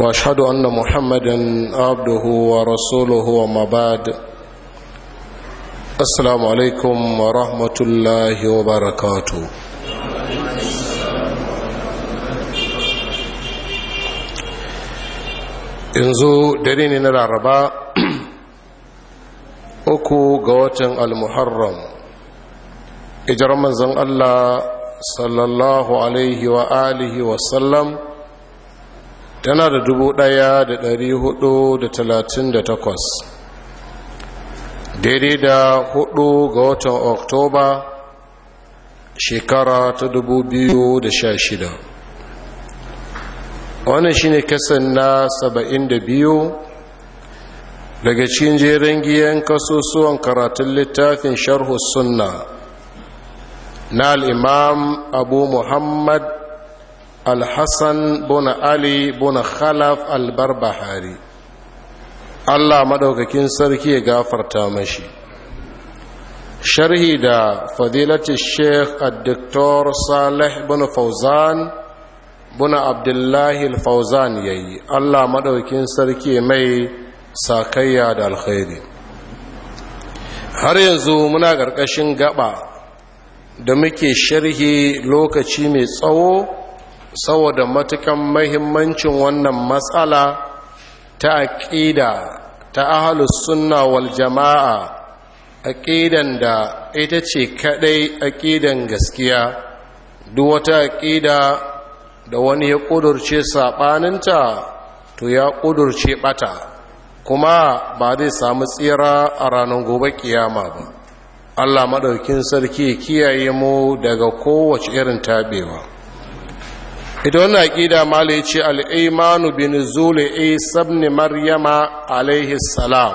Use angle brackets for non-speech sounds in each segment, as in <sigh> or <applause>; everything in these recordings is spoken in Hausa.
واشهد ان محمدا عبده ورسوله وما بعد السلام عليكم ورحمه الله وبركاته yanzu dare ne na laraba uku ga watan almuharram ijar manzon allah sallallahu alaihi wa alihi wasallam tana da dubu ɗaya da dari hudu da talatin da takwas daidai da hudu ga watan oktoba shekara ta dubu biyu da sha shida wannan shine kasan na saba'in da biyu daga cikin jerin giyan kasusuwan karatun littafin sharhu sunna na al'imam abu muhammad alhassan bona ali bona khalaf albarbahari allah maɗaukakin sarki ya gafarta mashi sharhi da fadilatun sheikh addiktor salih bona fauzan bona abdullahi fauzan ya yi allah maɗaukakin sarki mai sakayya da alkhairi har yanzu muna ƙarƙashin gaɓa da muke sharhi lokaci mai tsawo saboda matukan mahimmancin wannan matsala ta aƙida ta ahalus sunna wal jama'a aƙidan da ita ce kaɗai aƙidan gaskiya duk wata aƙida da wani ya ƙudurce saɓaninta to ya ƙudurce ɓata kuma ba zai samu tsira a ranar gobe kiyama ba allah maɗaukin sarki kiyaye mu daga kowace irin taɓewa ita wannan aƙida mala ya ce al'imanu bin zule a sabni maryama alaihi salam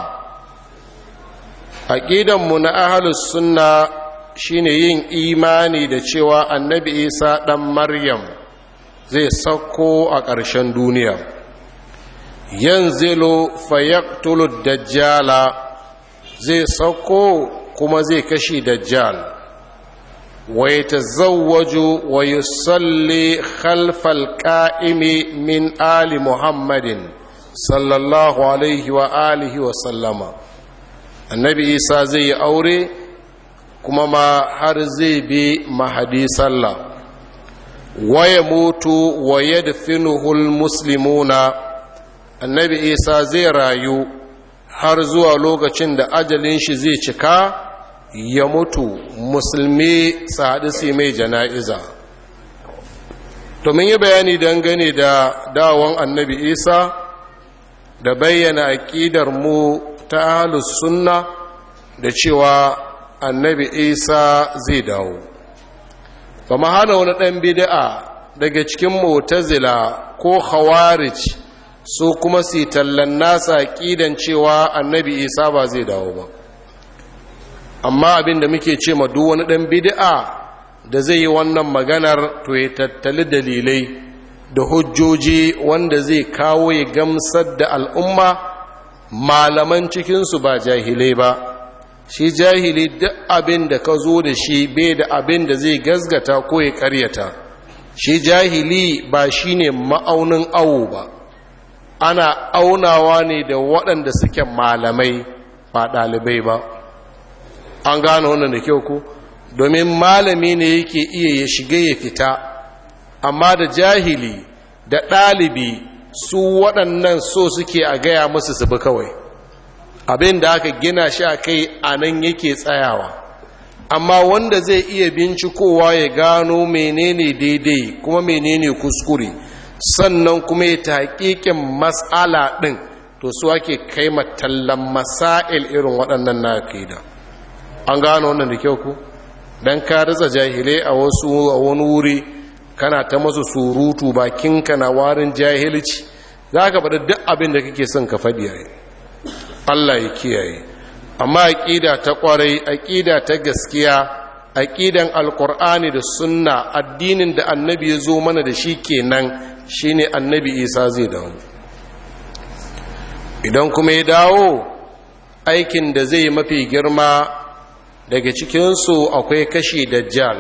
aƙidanmu na ahalus sunna shine yin imani da cewa annabi isa ɗan maryam zai sauko a ƙarshen duniya yanzilu fayaktulu dajjala zai sauko kuma zai kashe dajjala wa yatazawwaju wa yusalli khalfal qa'imi min ali muhammadin sallallahu alaihi wa alihi wa sallama annabi isa zai yi aure kuma ma har zai bi mahadi sallah waya mutu waya dafinuhul muslimuna annabi isa zai rayu har zuwa lokacin da ajalin shi zai cika ya mutu musulmi sa haɗu su mai jana'iza domin yi bayani dangane da dawon annabi isa da bayyana aƙidar mu ta halus sunna da cewa annabi isa zai dawo ba ma hana wani ɗan bida'a daga cikin zila ko khawarij su kuma su tallan nasa aƙidan cewa annabi isa ba zai dawo ba amma abin da muke ce ma duk wani ɗan bid'a da zai yi wannan maganar to ya tattali dalilai da hujjoji wanda zai kawo ya gamsar da al'umma malaman cikinsu ba jahilai ba shi jahili duk abin da ka zo da shi bai da abin da zai gazgata ko ya karyata shi jahili ba shi ne ma'aunin awo ba ana aunawa ne da waɗanda suke malamai ba ɗalibai ba an gano wannan da kyau ko domin malami ne yake iya ya shiga ya fita amma da jahili da ɗalibi su waɗannan so suke a gaya musu su bi kawai abin da aka gina shi a kai a nan yake tsayawa amma wanda zai iya bincikowa ya gano menene daidai kuma menene kuskure sannan kuma ya ta hakikin matsala ɗin to su ake kai matallan masa'il irin waɗannan na da. an gano wannan da kyau ku dan ka ritsa jahilai a wasu a wani wuri kana ta masu surutu bakinka na warin jahilci za ka faɗi duk abin da kake son ka faɗi yayi allah ya kiyaye amma aƙida ta ƙwarai aƙida ta gaskiya aƙidan alƙur'ani da sunna addinin da annabi ya zo mana da shi kenan shine annabi isa zai dawo idan kuma ya dawo aikin da zai mafi girma daga cikinsu akwai kashi dajjal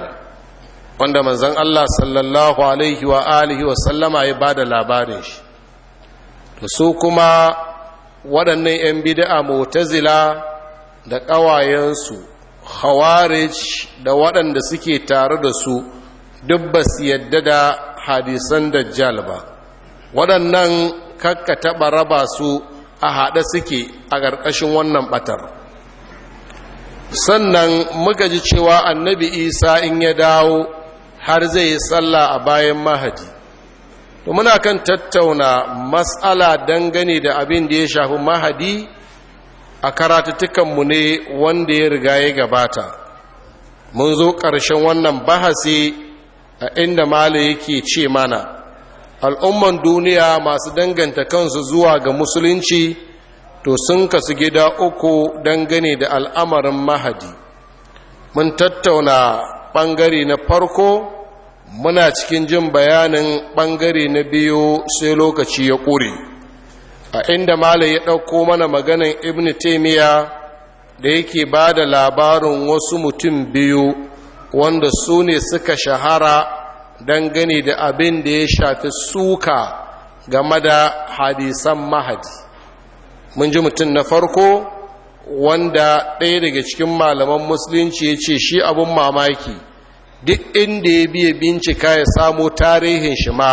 wanda manzon Allah sallallahu alaihi wa alihi wa sallama ya bada labarin shi to su kuma waɗannan 'yan bid'a mutazila da ƙawayensu khawarij da waɗanda suke tare da su duk ba su yadda da hadisan dajjal ba waɗannan kakka taɓa raba su a haɗe suke a ƙarƙashin wannan ɓatar sannan muka ji cewa annabi isa in ya dawo har zai yi sallah a bayan mahadi to muna kan tattauna matsala dangane da abin da ya shafi mahadi a karatattukanmu ne wanda ya riga ya gabata mun zo ƙarshen wannan bahasi a inda mala yake ce mana al'umman duniya masu danganta kansu zuwa ga musulunci to sun kasu gida uku dangane da al'amarin mahadi mun tattauna ɓangare na farko muna cikin jin bayanin ɓangare na biyu sai lokaci ya ƙure a inda malai ya ɗauko mana maganan ibn taimiyya da yake ba da labarin wasu mutum biyu wanda su ne suka shahara dangane da abin da ya shafi suka game da hadisan mahadi mun ji mutum na farko wanda ɗaya daga cikin malaman musulunci ya ce shi abin mamaki duk inda ya biya bincika ya samo tarihin shi ma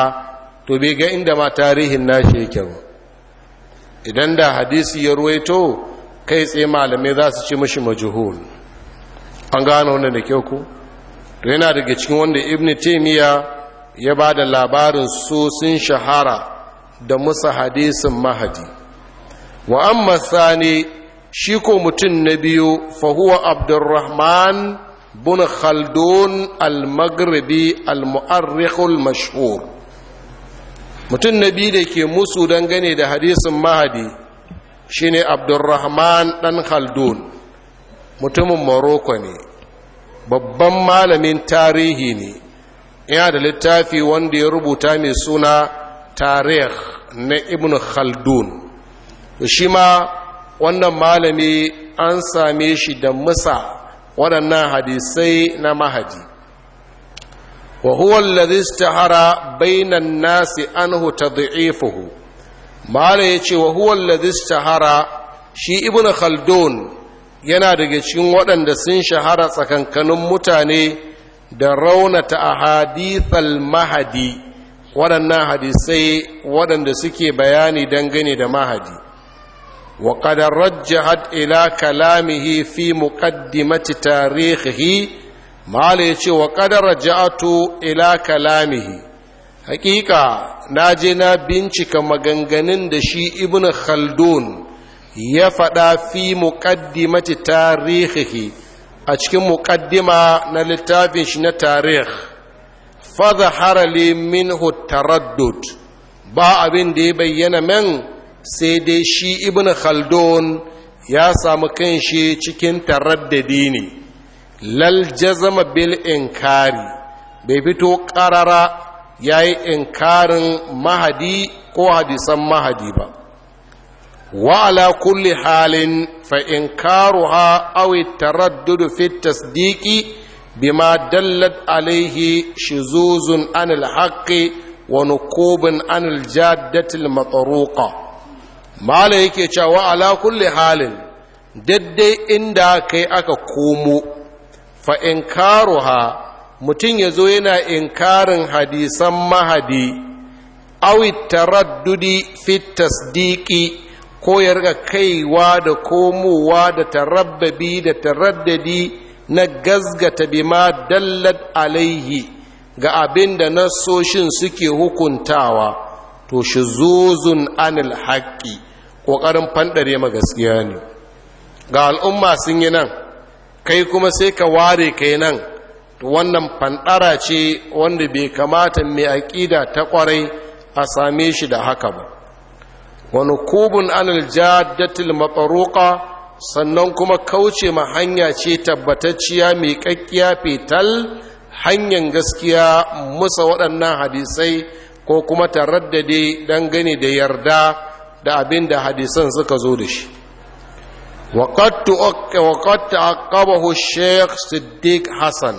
to bai ga inda ma tarihin nashi yake ba idan da hadisi ya ruwaito kai tsaye malamai za su ci mashi majuhul an gano wanda da kyau ku to yana daga cikin wanda ibn taimiyya ya ba da labarin so sun shahara da musa hadisin mahadi wa amma sani shi ko mutum na biyu fahuwa abdurrahman bin khaldun al-maghribi al-mu'arrikhul mashhur mutum na biyu da ke musu dangane da hadisin mahadi shine abdurrahman dan khaldun mutumin morocco ne babban malamin tarihi ne yana da littafi wanda ya rubuta mai suna tarih na ibn khaldun to shi ma wannan malami an same shi da musa waɗannan hadisai na mahadi wa huwa allazi istahara bainan nasi anhu tad'ifuhu mala yace wa huwa allazi istahara shi ibnu khaldun yana daga cikin waɗanda sun shahara tsakankanin mutane da raunata ahadithal mahadi waɗannan hadisai waɗanda suke bayani dangane da mahadi وقد رجعت إلى كلامه في مقدمة تاريخه ما ليش وقد رجعت إلى كلامه حقيقة ناجنا بنشك مغنغنن دشي ابن خلدون يفدا في مقدمة تاريخه أشكي مقدمة نلتافش تاريخ فظهر لي منه التردد با abin da ya bayyana min sai dai shi ibn khaldun ya samu kanshi cikin taraddadi ne lal jazama bil inkari bai fito karara ya yi inkarin mahadi ko hadisan mahadi ba wa ala kulli halin fa inkaruha awi taraddudu fi tasdiqi bima dallat alaihi shizuzun anil haqqi wa nuqubun anil jaddati matruqa mala yake cewa ala kulli halin daddai inda kai aka komo fa inkaruha mutum ya zo yana inkarin hadisan mahadi awi taraddudi fi tasdiki ko ya riga kaiwa da komowa da tarabbabi da taraddadi na gazgata bima dallat alaihi ga abin da suke hukuntawa to shi zuzun anil haƙƙi ƙoƙarin fanɗare ma gaskiya ne ga al'umma sun yi nan kai kuma sai ka ware kai nan wannan fanɗara ce wanda bai kamata mai aƙida ta ƙwarai a same shi da haka ba wani kubun anil jaddatil matsaroka sannan kuma kauce ma hanya ce tabbatacciya mai ƙaƙƙiya fetal hanyar gaskiya musa waɗannan hadisai ko kuma ta raddade dangane da yarda da abin da hadisan suka zo da shi a ta'aqqabahu Sheikh Siddiq Hassan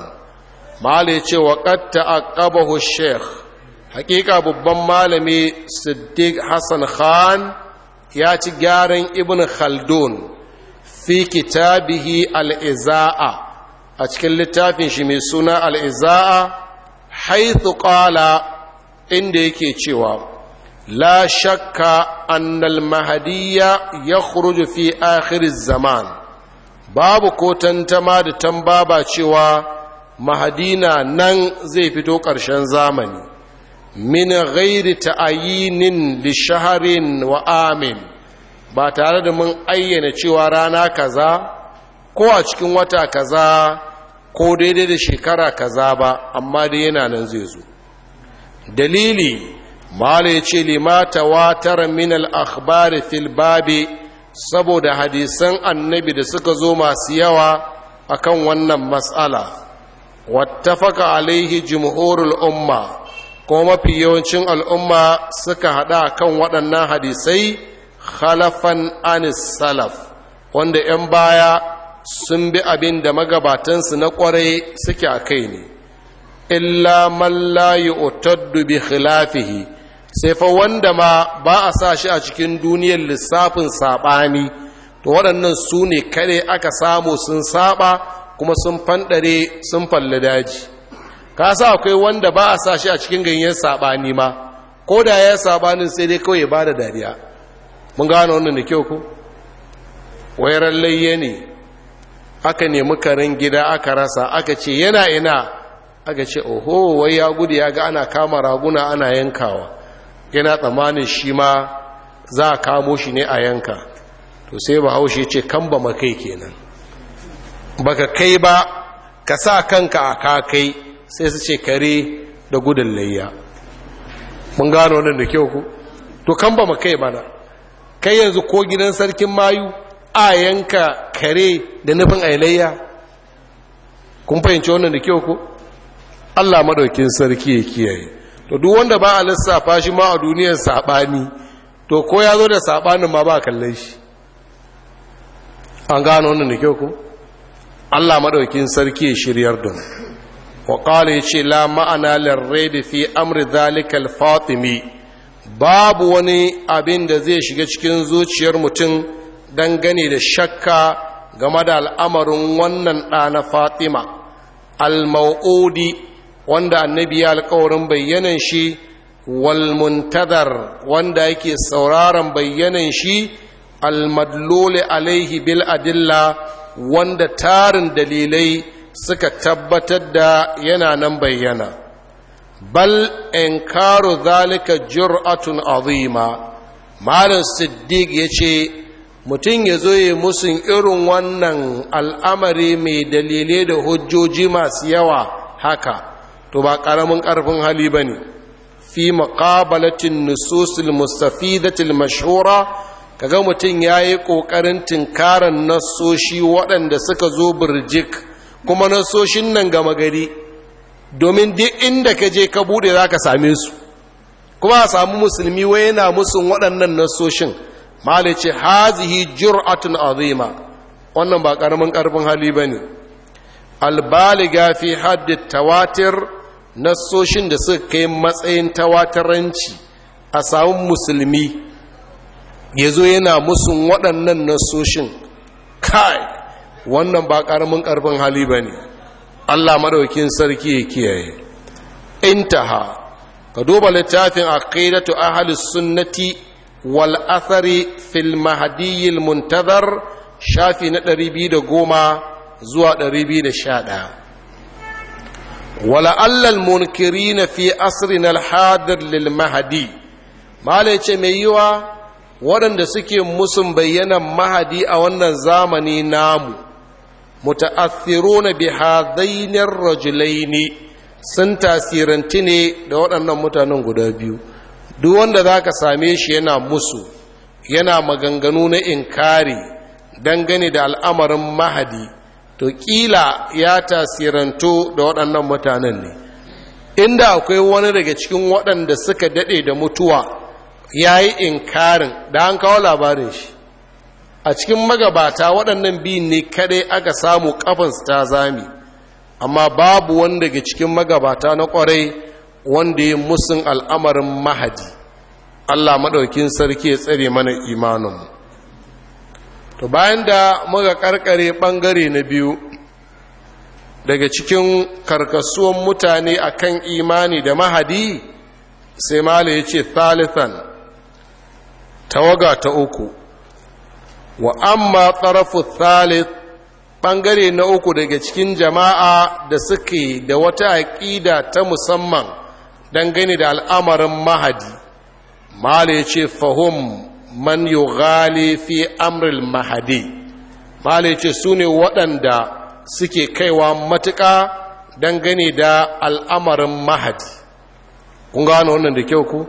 malai ce a ta'aqqabahu Sheikh hakika babban malami Siddiq Hassan Khan ya ci gyaran Ibn Khaldun fi kitabihi al a cikin littafin shi mai suna Al'iza'a, izaa haythu inda yake cewa la shakka annal mahadiyya ya fi akhir zaman babu ko tantama da tambaba cewa na nan zai fito ƙarshen zamani min ghairi ta'ayinin li shaharin wa amin ba tare da mun ayyana cewa rana kaza ko a cikin wata kaza ko daidai da shekara kaza ba amma dai yana nan zai zo dalili Malu ya ce limata watar min al-akhbari fil saboda hadisan annabi da suka zo masu yawa akan wannan matsala wattafaka alaihi jumhurul umma ko mafi yawancin al'umma suka haɗa kan waɗannan hadisai khalafan anis salaf wanda ‘yan baya sun bi abin da magabatansu na ƙwarai suke a kai ne illa mallayi otaddu bi khilafihi sai fa wanda ma ba a sa shi a cikin duniyar lissafin saɓani to waɗannan su ne kare aka samu sun saɓa kuma sun fanɗare sun falle daji ka sa akwai wanda ba a sa shi a cikin ganyen saɓani ma ko da ya saɓanin sai dai kawai ba da dariya mun gano wannan da kyau ku wairar layye ne aka nemi karin gida aka rasa aka ce yana ina aka ce oho wai ya gudu ya ga ana kama raguna ana yankawa yana tsammanin shi ma za a kamo shi ne a yanka to sai bahaushe ce kan ba makai kenan baka kai ba ka sa kanka a kakai sai su ce kare da gudun layya mun gano nan da kyau ku to kan ba makai bana kai yanzu ko gidan sarkin mayu a yanka kare da nufin ailayya kun fahimci wannan da kyau ku Allah madaukin sarki ya kiyaye to duk wanda ba a lissafa shi ma a duniyar saɓani to ko ya zo da saɓanin ma ba a kalle shi an gano wannan da kyau ku allah maɗaukin sarki ya shiryar da wa ya ce la ma'ana larre da fi amri zalikal fatimi babu wani abin da zai shiga cikin zuciyar mutum dangane da shakka game da al'amarin wannan ɗana fatima al-ma'udi wanda annabi ya alkawarin bayyanan shi walmuntadar wanda yake sauraron bayyanan shi almadlole alaihi bil adilla wanda tarin dalilai suka tabbatar da yana nan bayyana bal inkaru zalika jur'atun azima malam siddiq ya ce mutum ya zo ya musun irin wannan al'amari mai dalilai da hujjoji masu yawa haka to ba ƙaramin ƙarfin hali ba ne fi maƙabalatin nususil mustafidatil Ka ga mutum ya yi ƙoƙarin tinkarar nasoshi waɗanda suka zo birjik kuma nasoshin nan gama gari domin duk inda ka je ka buɗe za ka same su kuma a samu musulmi wai yana musu waɗannan nasoshin malice hazihi jur'atun azima wannan ba ƙaramin ƙarfin hali ba ne albaliga fi haddi tawatir nasoshin da suka kai matsayin tawataranci a samun musulmi ya zo yana musun waɗannan nasoshin. kai wannan ba ƙaramin ƙarfin hali ba ne allah maɗaukin sarki ya kiyaye intaha ka duba littafin aqidatu ahli sunnati wal athari fil mahdiyil muntazar shafi na 210 zuwa 211 wala allal na fi asrin alhadar lil mahadi mala ce mai yiwa waɗanda suke musun bayyana mahadi a wannan zamani namu na bi hadainir ne. sun tasiranti ne da waɗannan mutanen guda biyu duk wanda za ka same shi yana musu yana maganganu na inkari dangane da al'amarin mahadi to kila ya tasiranto da waɗannan mutanen ne inda akwai wani daga cikin waɗanda suka daɗe da mutuwa ya yi inkarin da an kawo labarin shi a cikin magabata waɗannan biyun ne kaɗai aka samu ƙafansu ta zami amma babu wani daga cikin magabata na ƙwarai wanda ya musun al'amarin mahadi allah maɗaukin sarki ya tsare mana imaninmu to bayan da muka karkare bangare na biyu daga cikin karkasuwan mutane akan imani da mahadi sai mala ya ce thalithan tawaga ta uku wa amma tsarafu thalith bangare na uku daga cikin jama'a da suke da wata aƙida ta musamman dangane da al'amarin mahadi mala ya ce fahim man gali fi amril mahadi malai ce su ne waɗanda suke kaiwa matuƙa dangane da al'amarin mahadi kun gano wannan da kyau ku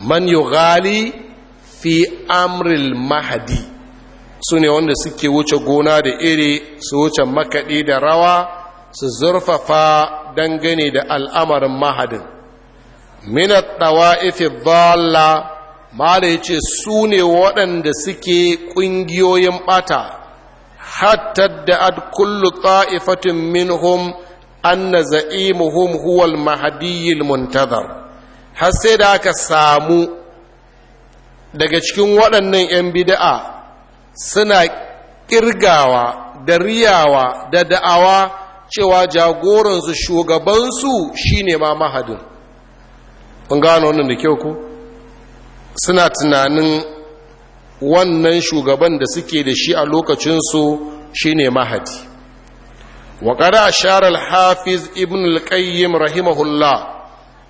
man gali fi amril mahadi su ne wanda suke wuce gona da iri su wuce makaɗi da rawa su zurfafa dangane da al'amarin mahadin minat ɗawa'ifin dhalla mara ya ce su ne waɗanda suke ƙungiyoyin ɓata hatta da ad kullu ta'ifatin minhum anna za'imuhum huwal mahadiyyil muntazar har sai da aka samu daga cikin waɗannan 'yan bida'a suna ƙirgawa da riyawa da da'awa cewa jagoransu shugabansu shine ma mahadin kun gano wannan da kyau ku suna tunanin wannan shugaban da suke da shi a lokacinsu shine mahadi wa qara ashara al-hafiz ibn alƙayyim rahimahullah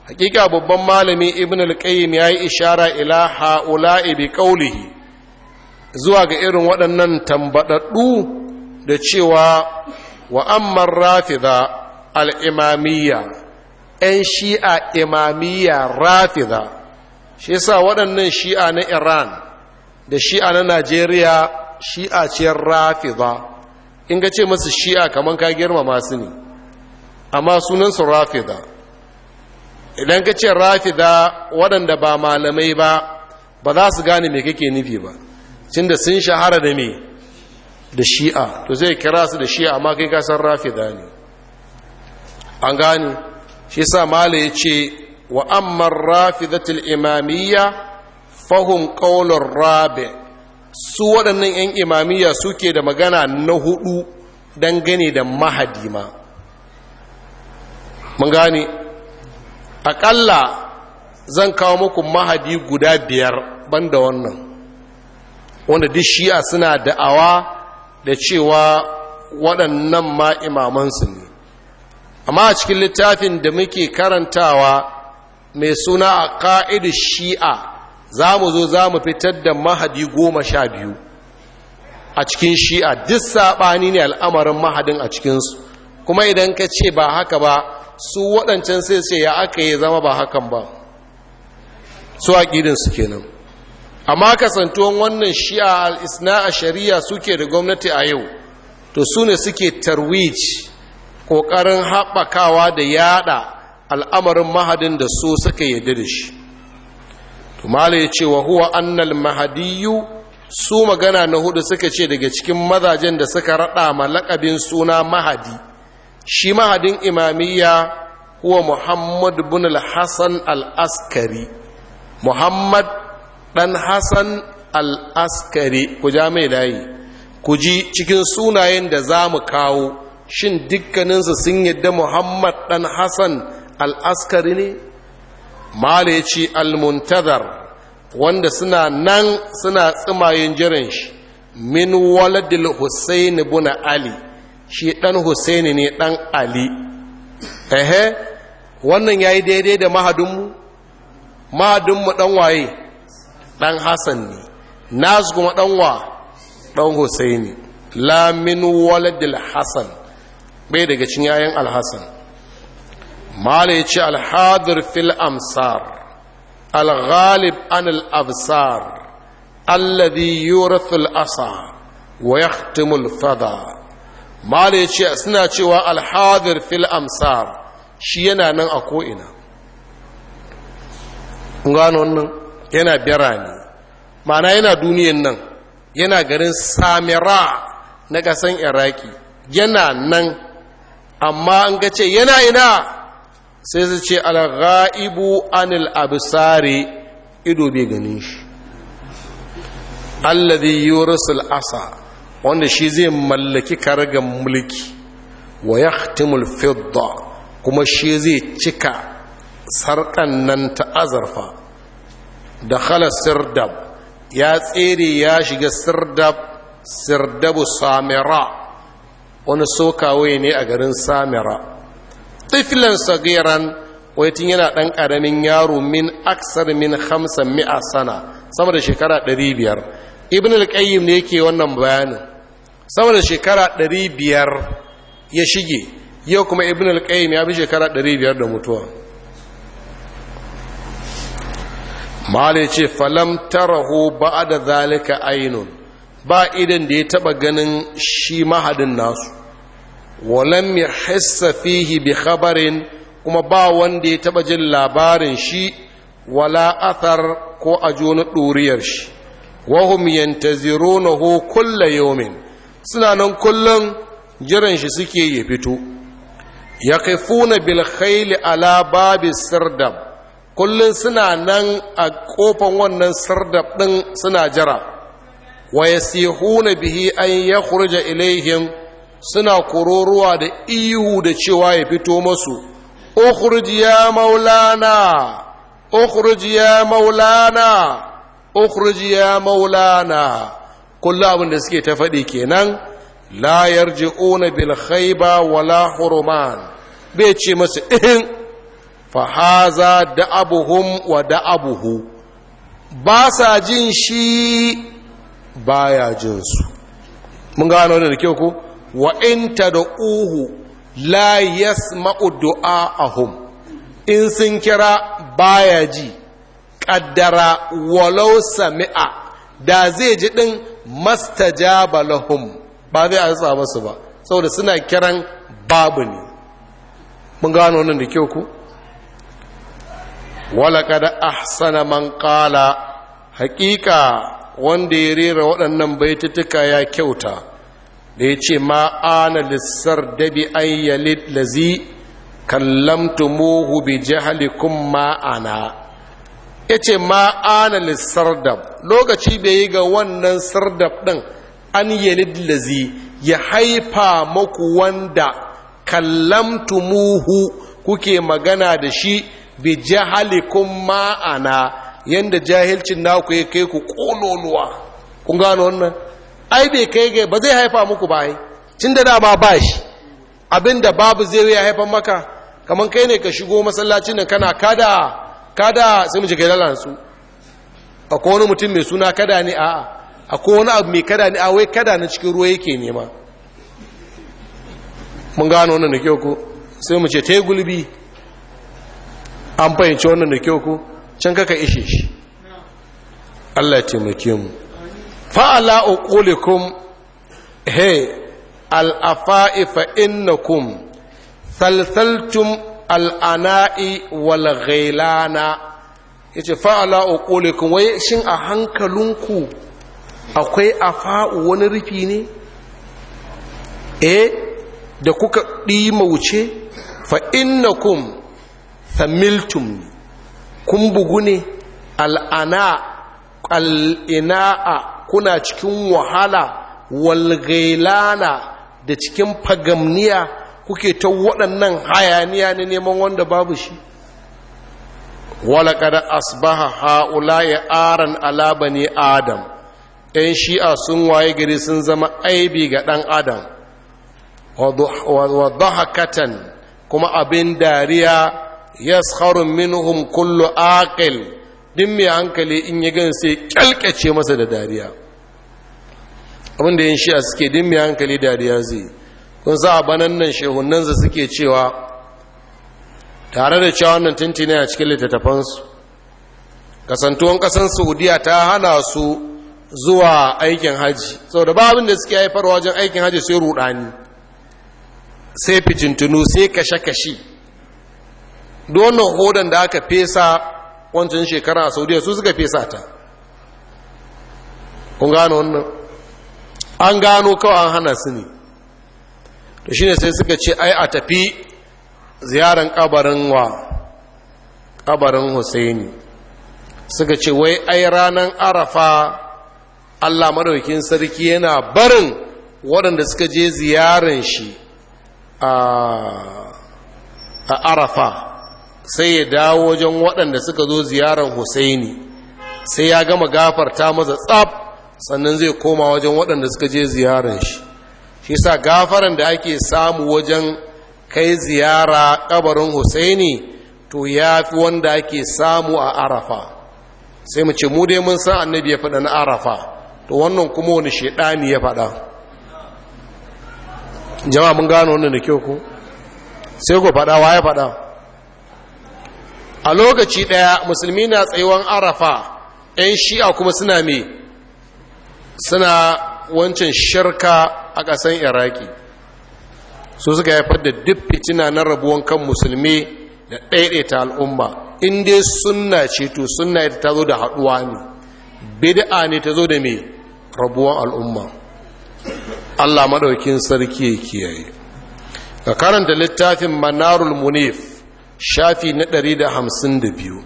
hakika babban malami ibn alƙayyim ya yi ishara ila ha'ula Ibi, ƙaulihi zuwa ga irin waɗannan tambaɗaɗɗu da cewa wa amma rafida al 'yan shi'a imamiyya rafida shi yasa waɗannan shi'a na iran da shi'a na najeriya shi'a ce ba? in ga ce masu shi'a kamar ka girmama su ne amma sunansu da. idan ka ce da waɗanda ba malamai ba ba za su gane mai kake nufi ba cin da sun shahara da me da shi'a to zai kira su da shi'a amma kai kasar da ne an gane shi sa mala ce wa amma rafidatul imamiyya fahum qaulur rabi su waɗannan 'yan imamiyya suke da magana na hudu dangane da mahadi ma mun gane aƙalla zan kawo muku mahadi guda biyar banda wannan wanda duk shi'a suna da'awa da cewa waɗannan ma imamansu ne amma a cikin littafin da muke karantawa mai suna a ƙa'idu shi'a za mu zo za mu fitar da mahadi goma sha biyu a cikin shi'a duk saɓani ne al'amarin mahadin a cikinsu kuma idan ka ce ba haka ba su waɗancan sai ce ya aka yi zama ba hakan ba su a ke kenan amma kasantuwan wannan shi'a al'isna a shari'a suke da gwamnati a yau to su ne suke tarwij ƙoƙarin haɓakawa da yada al'amarin mahadin da su suka yi da shi tumala ya ce wa huwa annal mahadiyu su magana na hudu suka ce daga cikin mazajen da suka raɗa ma lakabin suna mahadi shi mahadin imamiyya huwa muhammad bin al-hassan al-askari muhammad Dan hassan al-askari ku ja mai layi ku ji cikin sunayen da za mu kawo shin dukkaninsu sun yadda muhammad ɗan hassan al'askari ne ma ya ce almuntazar wanda suna nan suna tsimayen jiran shi min waladil husaini buna ali shi dan husaini ne dan ali ehe wannan ya yi daidai da mahadinmu mahadinmu dan waye dan hassan ne nasu kuma dan wa ɗan Hussaini. la min waladil hassan bai daga cin yayan alhassan mala ya ce alhadir fil amsar alghalib an al'absar alladhi yurathul asa wa fada mala ya ce suna cewa alhadir fil amsar shi yana nan a ko'ina gano wannan yana birane mana yana duniyan nan yana garin samira na ƙasan iraki yana nan amma an ga ce yana ina sai su ce al-ghaibu anil absari ido bai ganin shi alladhi yurisul asa wanda shi zai mallaki kargan mulki wa yahtimul fidda kuma shi zai cika sarkan nan ta azarfa da khala sirdab ya tsere ya shiga sirdab sirdabu samira wani sokawai ne a garin samira tiflan sagiran wai tun yana ɗan ƙaramin yaro min aksar min hamsin mi'a sana sama da shekara ɗari biyar ibn al ne yake wannan bayanin sama da shekara ɗari biyar ya shige yau kuma ibn al ya bi shekara ɗari biyar da mutuwa ya ce falam tarahu ba da zalika ainihin ba idan da ya taɓa ganin shi mahadin nasu walam ya hassa fihi kuma ba wanda ya taba jin labarin shi wala athar ko a juna ɗuriyar shi wahum yantazirunahu kulla yomin. suna nan kullum jiran shi suke ya fito yaqifuna bil khayl ala babi sirdab kullum suna nan a kofan wannan sirdab din suna jira wa yasihuna bihi an yakhruja ilaihim suna kororuwa da ihu da cewa ya fito masu ukhruj ya maulana ukhruj ya maulana ya maulana kullu abin da suke ta faɗi kenan la yarji'una bil khayba wala huruman bai ce masu ihin 'Fahaza haza da'abuhum wa da'abuhu ba sa jin shi baya jinsu mun ga gano da kyau ko wa in tad'uhu la yasma'u du'a'ahum in sun kira baya ji kaddara walau sami'a da zai ji din mastajaba lahum ba zai ansa masu ba saboda suna kiran babu ne mun gano wannan da kyau ku walaqad ahsana man qala haqiqa wanda ya rera waɗannan baitutuka ya kyauta da ya ce ma ana lissar bi an yalid lazi muhu bi jahalikum ma ana ya ce ma ana da lokaci bai yi ga wannan sardab ɗin an yi lazi ya haifa maku wanda kallamtu muhu kuke magana da shi bi jahalikum ma'ana yanda jahilcin naku ya kai ku kololuwa kun gano wannan ai bai kai ga ba zai haifa muku ba ai tun da dama ba shi abinda babu zai ya haifan maka kamar kai ne ka shigo masallacin nan kana kada kada sai mu jike gailalan su akwai wani mutum mai suna kada ne a'a akwai wani abu mai kada ne a wai kada na cikin ruwa yake nema mun gano wannan da kyau ko sai mu ce tai gulbi an fahimci wannan da kyau ko can kaka ishe shi Allah ya taimake mu fa'ala uqulikum he al'afa'i fa'innakum salsaltum al'ana'i wal ghailana yace fa'ala uqulikum wai shin a hankalinku akwai afa'u wani rufi ne eh da kuka ɗima wuce fa'innakum samiltum kun bugu ne al'ana al'ina'a kuna cikin wahala walgailana da cikin fagamniya kuke ta waɗannan hayaniya ne neman wanda babu shi walaƙar asbaha ha'ula ya aran alaba ne adam ‘yan shi'a sun waye gari sun zama aibi ga ɗan adam wadda kuma abin dariya ya minhum kullu aqil Din mai hankali in ya gan sai kyalkace masa da dariya abinda yin shi'a suke din mai hankali dariya zai kun sa banan nan za suke cewa tare da cewa wannan tintina a cikin littattafansu kasantuwan kasan saudiya ta hana su zuwa aikin hajji sau da ba abin da suke haifar wajen aikin hajji sai rudani sai fitintunu sai kashe-kashe don hodon da aka fesa wancan shekara a saudiya su suka fesa ta kun gano wannan an gano kawai an hana su ne to shi ne sai suka ce ai a tafi ziyarar kabarin wa kabarin husaini suka ce wai ai ranar arafa allah madaukin sarki yana barin waɗanda suka je ziyarar shi a arafa sai ya dawo wajen waɗanda suka zo ziyarar husaini sai ya gama gafar ta maza tsab sannan zai koma wajen waɗanda suka je ziyarar shi shi sa gafaran da ake samu wajen kai ziyara kabarin husaini to ya fi wanda ake samu a arafa sai mu ce mu dai mun san annabi ya faɗa na arafa to wannan kuma wani ne ya faɗa jama'a mun gano wannan da kyau ko sai ku faɗa wa ya faɗa a lokaci ɗaya musulmi na tsayuwan arafa 'yan shi'a kuma suna mai suna wancan shirka a ƙasan iraki su suka haifar da duk fitina na rabuwan kan musulmi da ɗaiɗaita al'umma in dai sunna ce to sunna ta zo da haɗuwa ne bid'a ne ta zo da mai rabuwan al'umma Allah maɗaukin sarki ya kiyaye ka karanta littafin manarul munif shafi na 152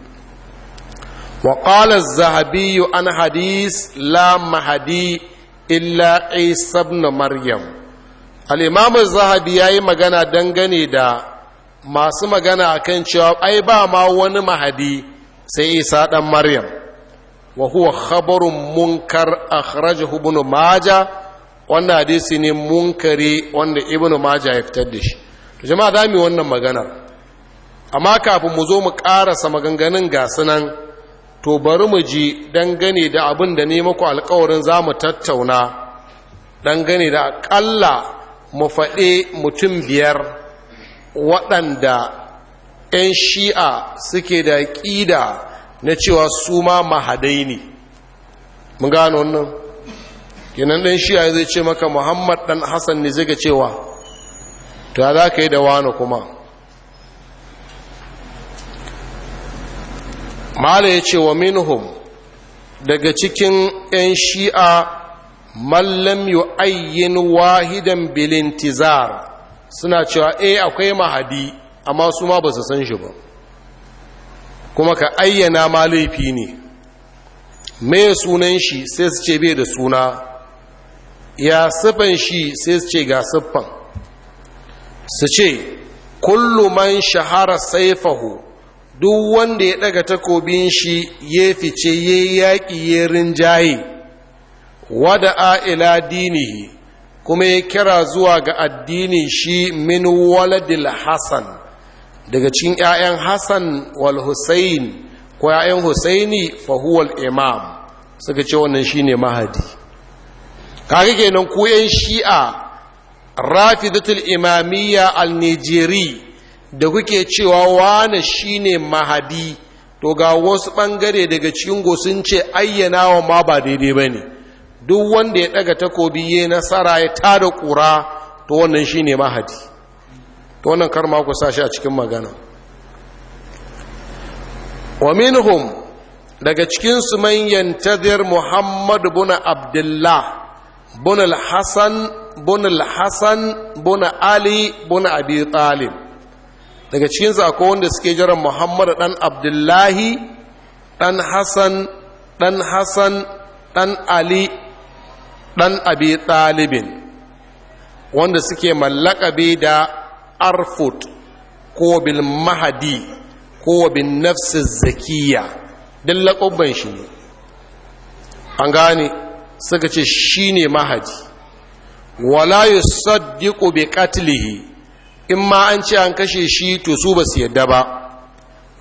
da qala az-zahabi an hadis la mahadi illa isa ibn maryam al Zahabi ya yi magana dangane da masu magana akan cewa ai ba ma wani mahadi sai isa ɗan maryam wa huwa khabarun munkar akhrajahu ibn majah wannan hadisi ne munkari wanda ibnu maja ya fitar da shi to jama'a za mu yi wannan maganar amma kafin mu zo mu ƙarasa maganganun gasu nan to bari mu ji dangane da abin da ne maku alkawarin za mu tattauna dangane da aƙalla mu faɗe mutum biyar waɗanda 'yan shi'a suke da ƙida na cewa su ma mahadai ne mun gano wannan kenan ɗan shi'a zai ce maka muhammad ɗan hassan ne zai ga cewa ta za ka yi da wani kuma mala ya ce wa minhum daga cikin 'yan shi'a mallam yu ayyin wahidan bilintizar suna cewa eh akwai mahadi amma su ma ba su san shi ba kuma ka ayyana ma laifi ne me sunan shi sai su ce bai da suna ya siffan shi sai su ce ga siffan su ce kullu shahara saifahu duk wanda ya ɗaga takobin shi ya fice ya yaƙi ya rinjaye wada ila dinihi kuma ya kira zuwa ga addinin shi min waladil hasan daga cikin 'ya'yan Hassan wal ko 'ya'yan husaini fahuwal imam suka ce wannan shi ne mahadi kaga kenan ku 'yan shi'a rafidatul imamiyya al-nijeri da kuke cewa wane shine mahadi to ga wasu ɓangare daga cikin sun ce ayyana wa ma ba daidai ba ne duk wanda ya ɗaga takobi ya nasara ya tada ƙura to wannan shine mahadi to wannan kar ma ku sa shi a cikin magana wa minhum daga su man yantazir muhammad bin abdullah bin al-hasan bin al-hasan bin ali bin abi talib daga cikin sako wanda suke jiran muhammadu ɗan abdullahi ɗan hassan ɗan hassan ɗan ali ɗan abi ɗalibin wanda suke mallakabe da arfut ko bil mahadi ko bin nafsi zakiya don shi ne an gane suka ce shi ne mahadi wala yusaddiqu bi qatlihi in ma an ce an kashe shi to su ba su yadda ba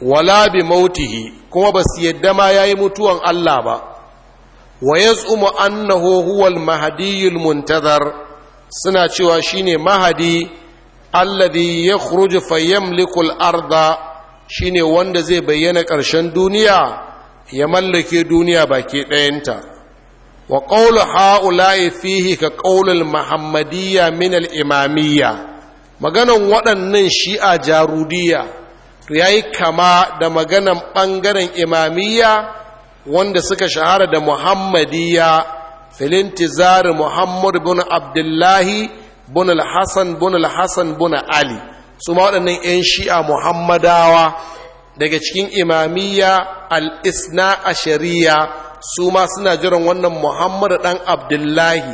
wala bi mautihi kuma ba su yadda ma yayi mutuwan Allah ba wa yaz'umu annahu huwal mahdiyul muntazar suna cewa shine mahadi alladhi yakhruju fayamliku al-arda shine wanda zai bayyana ƙarshen duniya ya mallake duniya baki ɗayanta wa ƙaunar ha'ula'i fihi ka ƙaunar muhammadiyya min imamiyya maganan waɗannan shi'a jarudiya ya yi kama da maganan ɓangaren imamiyya wanda suka shahara da muhammadiyya filintizari muhammad bin abdullahi bin alhassan bin alhassan bin ali su ma waɗannan 'yan shi'a muhammadawa daga cikin imamiyya al'isna a shari'a su ma suna jiran wannan muhammad ɗan abdullahi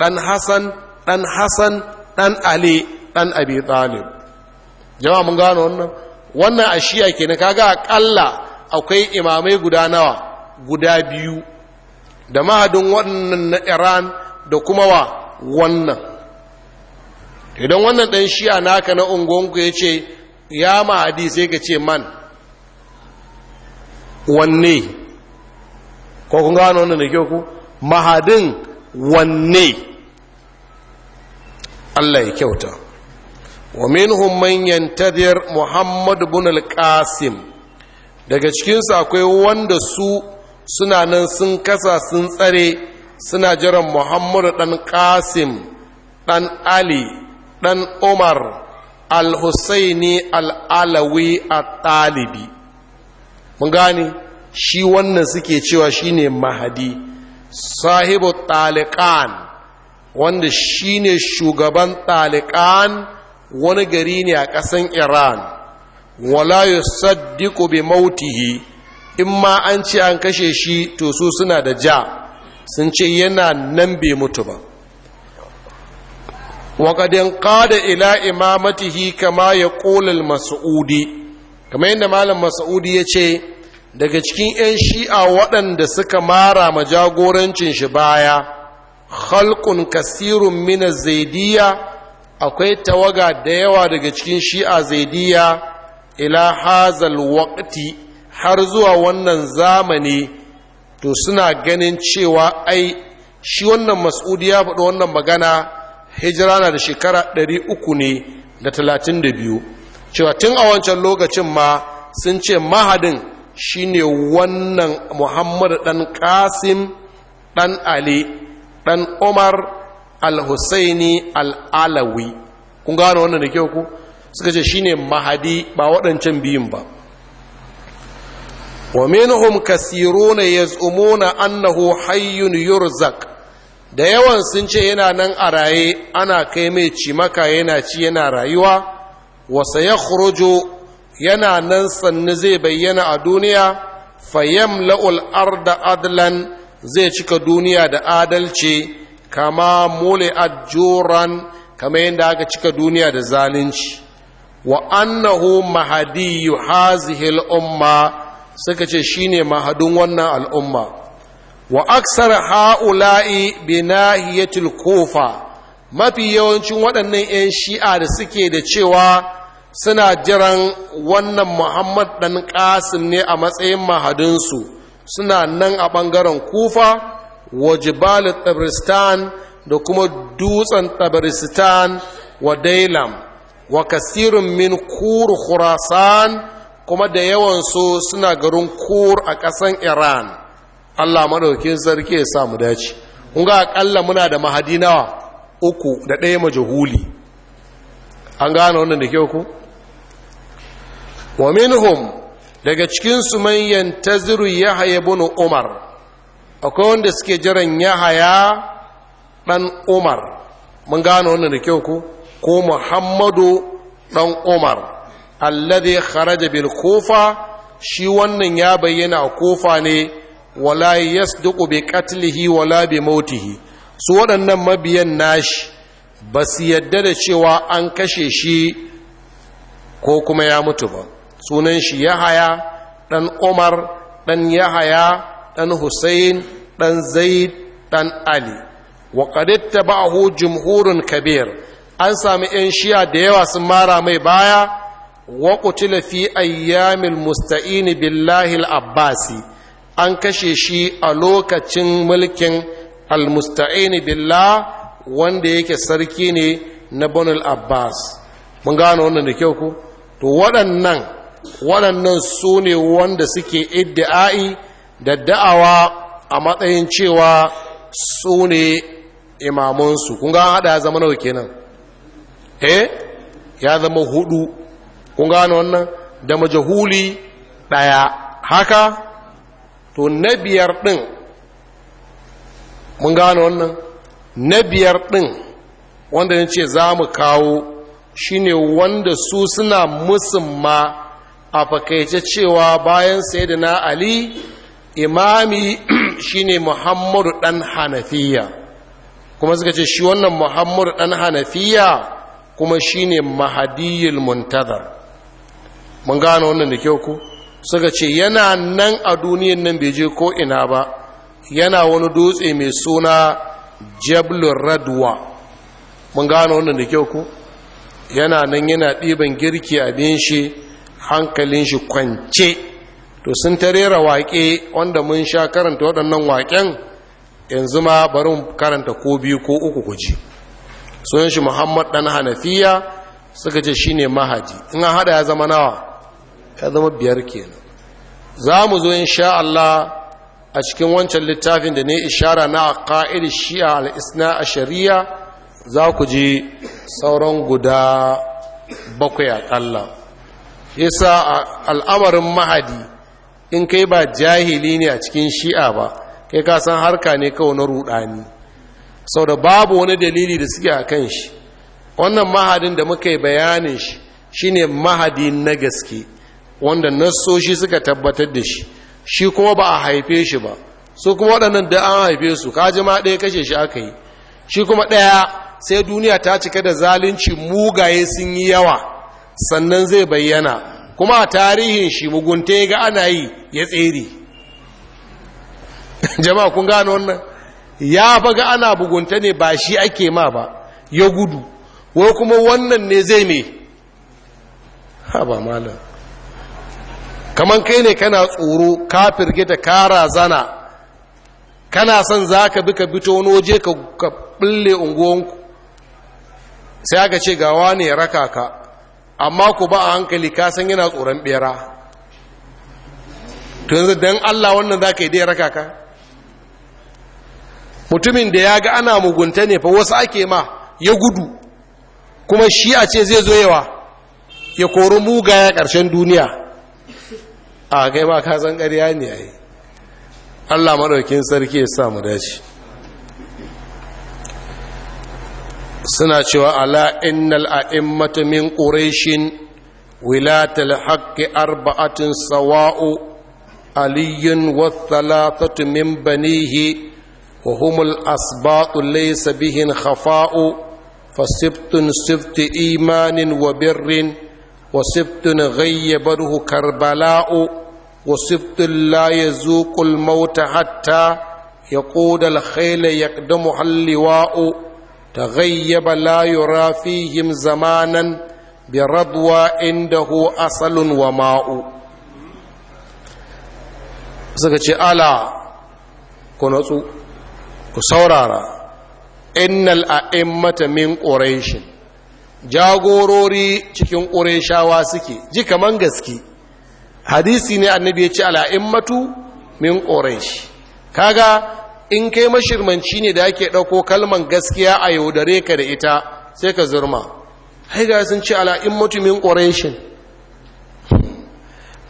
ɗan hassan ɗan hassan ɗan ali ɗan abi talib jama mun gano wannan wannan a shiya ke na kaga aƙalla akwai imamai guda nawa guda biyu da mahadin wannan na iran da kuma wa wannan idan wannan ɗan shiya naka na ungonku ya ce ya mahadi sai ka ce man wanne ko kun gano wannan da kyau ku mahadin wanne Allah ya kyauta ومنهم من ينتظر محمد بن القاسم daga cikin daga cikinsu akwai wanda su suna nan sun kasa sun tsare suna jiran muhammadu dan qasim dan ali dan umar al-husaini al-alawi at-talibi mun gane shi wannan suke cewa shine mahadi sahibu taliqan wanda shine shugaban taliqan wani gari ne a ƙasan iran wala yusaddiqu bi mautihi in ma an ce an kashe shi to su suna da ja sun ce yana nan bai mutu ba waƙadin ƙada ila imamatihi kama ya ƙolal mas'udi kamar yadda malam mas'udi ya ce daga cikin 'yan shi'a waɗanda suka mara ma jagorancin shi baya halkun kasirun mina zaidiya akwai tawaga da yawa daga cikin shi'a zaidiya ila hazal waqti har zuwa wannan zamani to suna ganin cewa ai shi wannan mas'udi ya faɗi wannan magana hijira na da shekara ɗari 300 ne da talatin da biyu. cewa tun a wancan lokacin ma sun ce mahadin shine wannan muhammadu ɗan ƙasim, ɗan ali ɗan umar al-husaini al-alawi kun gano wannan da kyau ku suka ce shine mahadi ba waɗancan biyun ba wa minhum kasiruna yaz'umuna annahu hayyun yurzak da yawan sun ce yana nan a raye ana kai mai ci maka yana ci yana rayuwa wa sayakhruju yana nan sannu zai bayyana a duniya fayamla'ul arda adlan zai cika duniya da adalci kama mule ajuran kama yadda aka cika duniya da zalunci wa annahu mahadiyu umma suka ce shine mahadin wannan al'umma wa aksar ha'ula'i binahiyatul kufa mafi yawancin waɗannan 'yan shi'a da suke da cewa suna jiran wannan muhammad ɗan ƙasin ne a matsayin mahadinsu suna nan a ɓangaren kufa Wajibali tabristan da kuma dutsen tabristan wa dailam wa kasirin min kur khurasan kuma da yawansu suna garin kur a kasan iran allah maɗaukin sarki ya samu dace kun ga akalla muna da mahadinawa uku da ɗaya majahuli an gano wannan da kyau ku wa minhum daga cikin su man ya yahya ibn umar akwai wanda suke jiran yahaya ɗan umar mun gano wannan da kyau ko ko muhammadu ɗan umar allade kharaja bil kufa shi wannan ya bayyana a kufa ne wala yasduqu bi qatlihi wala bi mautihi su waɗannan mabiyan nashi ba su yadda da cewa an kashe shi ko kuma ya mutu ba sunan shi yahaya ɗan umar ɗan yahaya ɗan hussein ɗan zaid ɗan ali wa qaditta ba'ahu jumhurun kabir an sami 'yan shiya da yawa sun mara mai baya wa qutila fi ayyamil musta'in billahi al-abbasi an kashe shi a lokacin mulkin al-musta'in billah wanda yake sarki ne na banul abbas mun gano wannan da kyau ku to waɗannan waɗannan su ne wanda suke iddi'ai da da'awa a matsayin cewa su ne imamansu kun ga ya zama nawa kenan eh ya zama hudu kun na wannan da majahuli ɗaya haka to na biyar ɗin mun gano wannan na biyar ɗin wanda ya ce za mu kawo shine wanda su suna musumma a fakaice cewa bayan sai da na ali imami <clears throat> shine muhammadu ɗan hanafiya kuma suka ce shi wannan muhammadu ɗan hanafiya kuma shine mahadiyul muntazar mun gane wannan da kyau ku suka ce yana nan a duniyan nan bai je ko ina ba yana wani dutse mai suna jablur radwa mun gane wannan da kyau ku yana nan yana ɗiban girki abin shi hankalin shi kwance to sun tarera waƙe wanda mun sha karanta waɗannan waƙen yanzu ma bari mu karanta ko biyu ko uku kuji sunan shi muhammad ɗan hanafiya suka ce shi ne mahaji in an haɗa ya zama nawa ya zama biyar kenan za mu zo insha Allah a cikin wancan littafin da ne ishara na ƙa'ir shi'a al'isna a shari'a za ku ji sauran guda bakwai a aƙalla yasa al'amarin mahadi in kai ba jahili ne a cikin shi'a ba kai ka san harka ne kawai na rudani sau da babu wani dalili da suke a kan shi wannan mahadin da muka yi bayanin shi shine mahadi na gaske wanda nassoshi suka tabbatar da shi shi kuma ba a haife shi ba su kuma waɗannan da an haife su kaji ma ɗaya kashe shi aka yi shi kuma ɗaya sai duniya ta cika da zalunci mugaye sun yi yawa sannan zai bayyana kuma a tarihin shi mugunta ga ana yi ya tsere <laughs> jama'a kun gano wannan ya faga ana bugunta ne ba shi ake ma ba ya gudu wai kuma wannan ne zai me ha ba malam kaman kai ne kana tsoro ka firgita kara zana kana son za ka bi ka bito wani waje ka bulle unguwanku sai aka ce gawa ne raka ka amma ku ba a hankali kasan yana tsoron ɓera. to yanzu don Allah wannan za ka yi dai raka ka mutumin da ya ga ana mugunta ne fa wasu ake ma ya gudu kuma shi a ce zai zo yawa ya kori mugaya ƙarshen duniya a kai ma ka ƙarya ne yi. Allah maɗaukin sarki ya sa mu dace suna cewa ala innal a'immata min quraishin wilatal haqqi arba'atin sawa'u علي والثلاثة من بنيه وهم الأسباط ليس بهن خفاء فسبت سبت إيمان وبر وسبت غيبره كربلاء وسبت لا يزوق الموت حتى يقود الخيل يقدمها اللواء تغيب لا يرى فيهم زمانا برضوى عنده أصل وماء suka ce ala ku natsu ku saurara innal a'immata min quraishin jagorori cikin qurayshawa suke ji kaman gaske hadisi ne annabi ya ce al'immatu min quraish kaga in kai mashirmanci ne da ake ɗauko kalman gaskiya a yaudare ka da ita sai ka zurma haiga sun ce ala'in min ƙorashin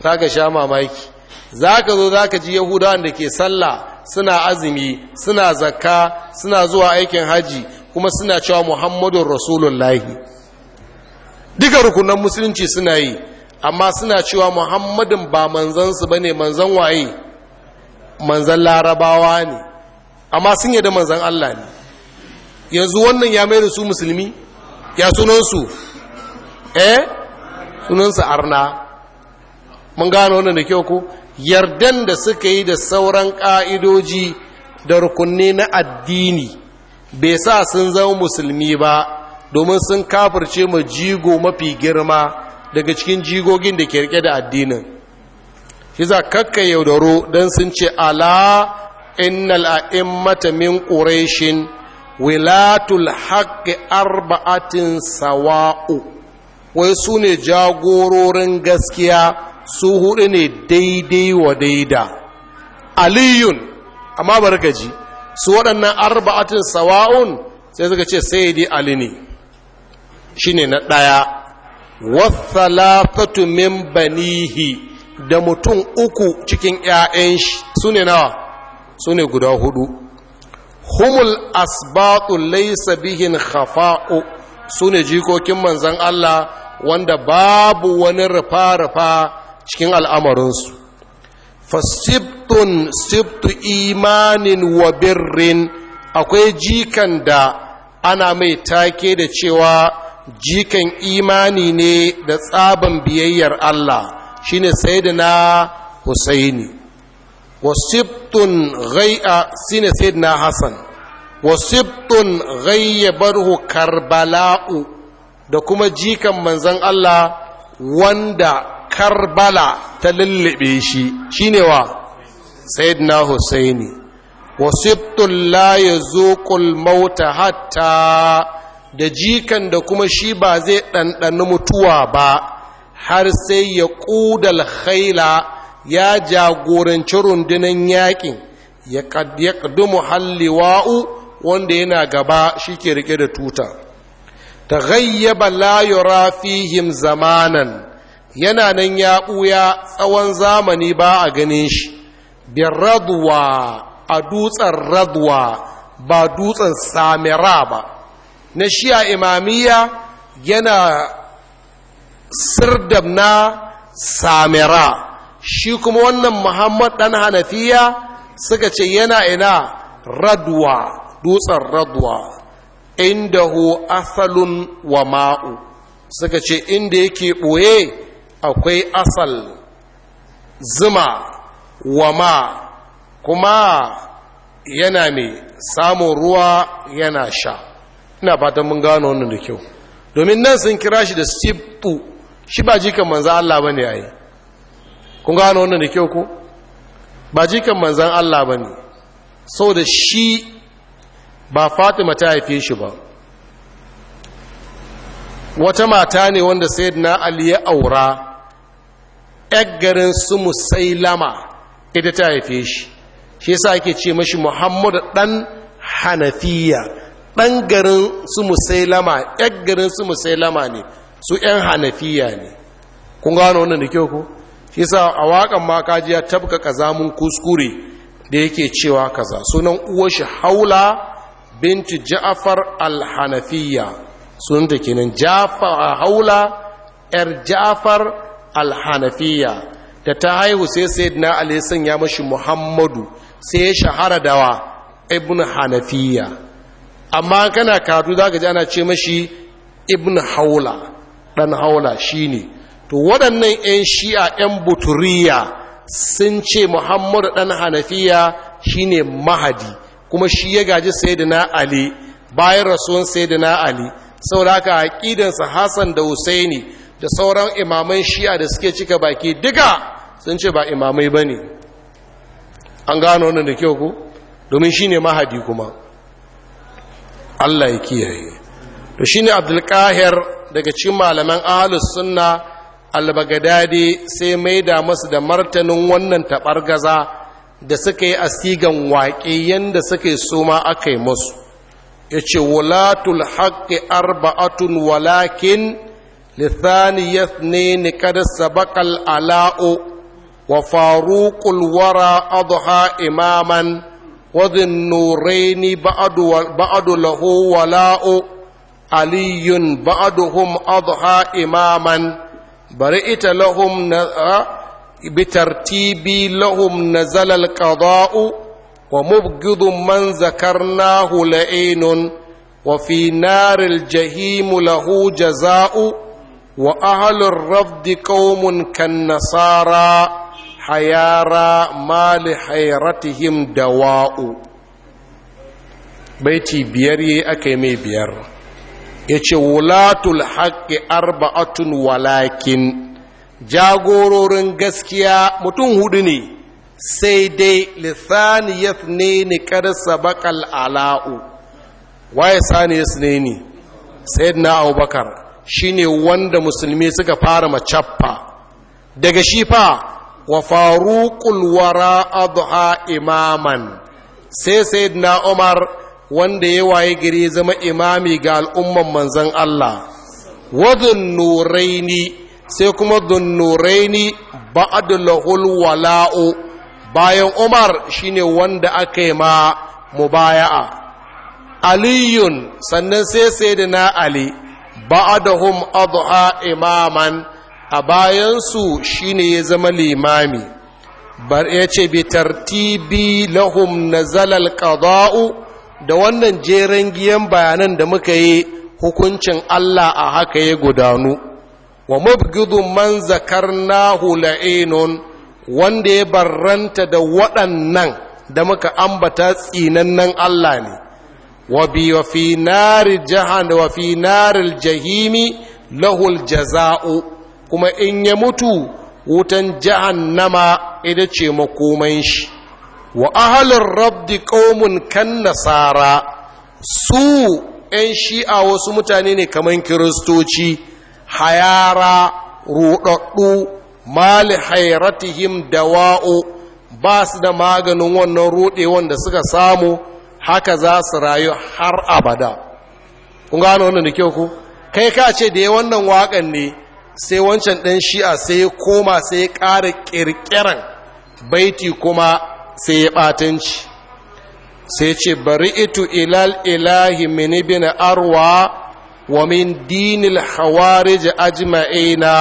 za ka sha mamaki za ka zo za ka ji yahudawan da ke sallah suna azumi suna zakka suna zuwa aikin haji kuma suna cewa muhammadun rasulullahi duka rukunan musulunci suna yi amma suna cewa Muhammadun ba manzansu ba ne manzan waye manzan larabawa ne amma sun yada manzan allah ne yanzu wannan ya mai da su musulmi ya sunansu eh sunansu arna mun gano wannan da kyau ko yardan da suka yi da sauran ƙa'idoji da rukunni na addini bai sa sun zama musulmi ba domin sun kafirce ma jigo mafi girma daga cikin jigogin da ke rike da addinin shi za kakka yaudaro don sun ce ala innal a'immata min ƙureshin wilatul haƙƙi arba'atin sawa'u wai su ne jagororin gaskiya su hudu ne daidai wa daida aliyun amma barkaji su waɗannan arba'atin sawa'un sai suka ce sai dai ali ne shine na ɗaya wasalatatu min banihi da mutum uku cikin 'ya'yan shi su ne nawa su ne guda hudu humul asbatu laysa bihin khafa'u su ne jikokin manzan Allah wanda babu wani rufa-rufa cikin al'amarinsu fasibtun sibtu imanin wa birrin akwai jikan da ana mai take da cewa jikan imani ne da tsaban biyayyar Allah shi ne da na Husaini wasibtun ghai'a shine na Hassan wasibtun ghayyabarhu Karbala'u da kuma jikan manzan Allah wanda karbala ta lullube shi shine wa na husaini wasibtun ya zo mauta hatta da jikan da kuma shi ba zai ɗanɗana mutuwa ba har sai ya ƙudal haila, ya jagoranci rundunan yaƙin ya ƙaddumu halliwa'u wanda yana gaba shi ke rike da tuta ta gayyaba layura fihim zamanan yana nan ya ɓuya tsawon zamani ba a ganin shi bin raduwa a dutsen raduwa ba dutsen samira ba na shiya imamiya yana sirdam na samira shi kuma wannan muhammad ɗan hanafiya suka ce yana ina raduwa dutsen raduwa. inda hu asalun wa ma'u suka ce inda yake ɓoye akwai asal zuma wa ma kuma yana mai samun ruwa yana sha ina fatan mun gano wannan da kyau domin nan sun kira shi da sibtu shi ba jikan manzan Allah ba ne a yi kun gano wannan da kyau ko ba jikan manzan Allah ba ne sau da shi ba fatima ta haife shi ba wata mata ne wanda sayyidina ali ya aura 'yar garin su musailama ita ta haife shi shi yasa ake ce mashi muhammadu ɗan hanafiya ɗan garin su musailama 'yar garin su musailama ne su 'yan hanafiya ne kun gano wannan da kyau ko shi yasa a waƙan ma kaji ya tabka kazamun kuskure da yake cewa kaza sunan uwar shi haula binti ja'far al-hanafiya sunanta kenan ja'far haula 'yar ja'far alhanafiya da ta haihu sai sayyidina ali sanya mashi muhammadu sai ya shahara da dawa ibn hanafiya amma kana kadu za ka ji ana ce mashi ibn haula dan haula shine to waɗannan 'yan shi'a 'yan buturiya sun ce muhammadu dan hanafiya shine mahadi kuma shi ya gaji sayyidina ali bayan rasuwan sayyidina ali saboda haka aqidansa Hassan da Husaini da sauran imaman shi'a da suke cika baki duka sun ce ba imamai ba ne an gano wani da kyau ku domin shi ne mahadi kuma allah ya kiyaye to shi ne abdulkahir daga cikin malaman ahalus sunna albagadadi sai mai da masu da martanin wannan taɓargaza da suka yi sigan waƙe yadda suka yi suma aka yi masu ya ce wulatul haƙƙi arba'atun walakin للثاني اثنين قد سبق العلاء وفاروق الورى أضحى إماما وذي النورين بعد, بعد له ولاء علي بعدهم أضحى إماما برئت لهم بترتيبي لهم نزل القضاء ومبغض من ذكرناه لئين وفي نار الجحيم له جزاء wa ahalur rafdi qaumun kan nasara hayara mali da wa'u. baiti biyar yi aka yi mai biyar ya ce wulatul haƙƙi arba'atun walakin jagororin gaskiya mutum hudu ne sai dai lithaniyat ne ni kar sabaqal ala'u waye saniyat ne ni na, abubakar shine wanda musulmi suka fara macaffa daga shi fa wa faruqul wara adha imaman sai sayyidina umar wanda ya waye gari zama imami ga al'umman manzon Allah wa dhunnuraini sai kuma dhunnuraini ba'd wala'u bayan umar shine wanda aka yi ma mubaya'a aliyun sannan sai na ali ba'adahum adha imaman a bayansu shine ya zama limami bar ya ce bi tartibi lahum nazalal qada'u da wannan jeren giyan bayanan da muka yi hukuncin Allah a haka ya gudanu wa mabghidu man zakarnahu la'inun wanda ya barranta da waɗannan da muka ambata tsinannen Allah ne wa bi wa fi nari jahan wa fi jahimi lahuljaza'u. kuma in ya mutu wutan jahannama ita ce makoman shi wa ahalin rabdi qaumun kan nasara su ‘yan shi'a wasu mutane ne kamar kiristoci hayara ruɗaɗɗu mali hairatihim dawa'o ba su da maganin wannan ruɗe wanda suka samu haka za su rayu har abada kun gano wannan da kyau ku kai ka ce da ya wannan waƙan ne sai wancan ɗan shi'a sai ya koma sai ya ƙara ƙirƙiran baiti kuma sai ya ɓatanci sai ce bari itu ilal ilahi mini arwa wa min dinil hawarij ajma'ina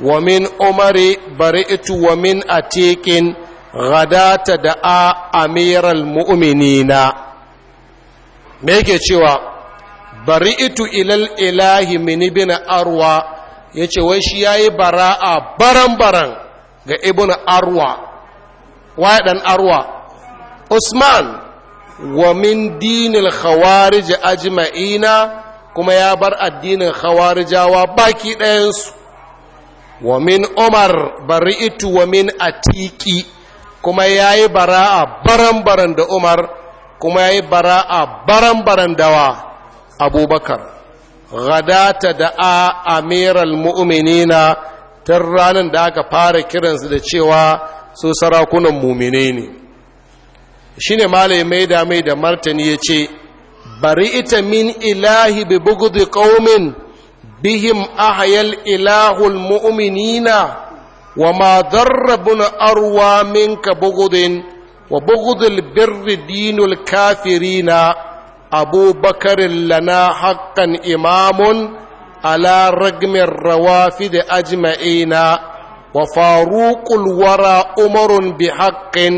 wa min umari bari itu wa min atikin غدات دعا أمير المؤمنين me yake cewa bari bari'tu ilal ilahi min ibn arwa yace wai shi yayi bara'a baran-baran ga ibn arwa waye dan arwa usman wa min dinil khawarij ajma'ina kuma ya bar addinin khawarijawa baki ɗayansu wa min umar bari itu wa min atiki kuma yayi bara'a baran-baran da umar kuma ya yi bara'a baran-baran dawa abubakar gadata da a amiral mu'minina tun ranar da aka fara kiransu da cewa su sarakunan mumine ne shi ne malamai da mai da martani ya ce bari ita min ilahi bi bugudu ƙaumin bihim ahayal ilahul mu'minina wa ma na arwa minka bugudin wa bughdul birri dinul kafirina abubakarin lana haqqan imamun ala ragmin rawafi da ajma'ina wa faruqul wara umarun bi haqqin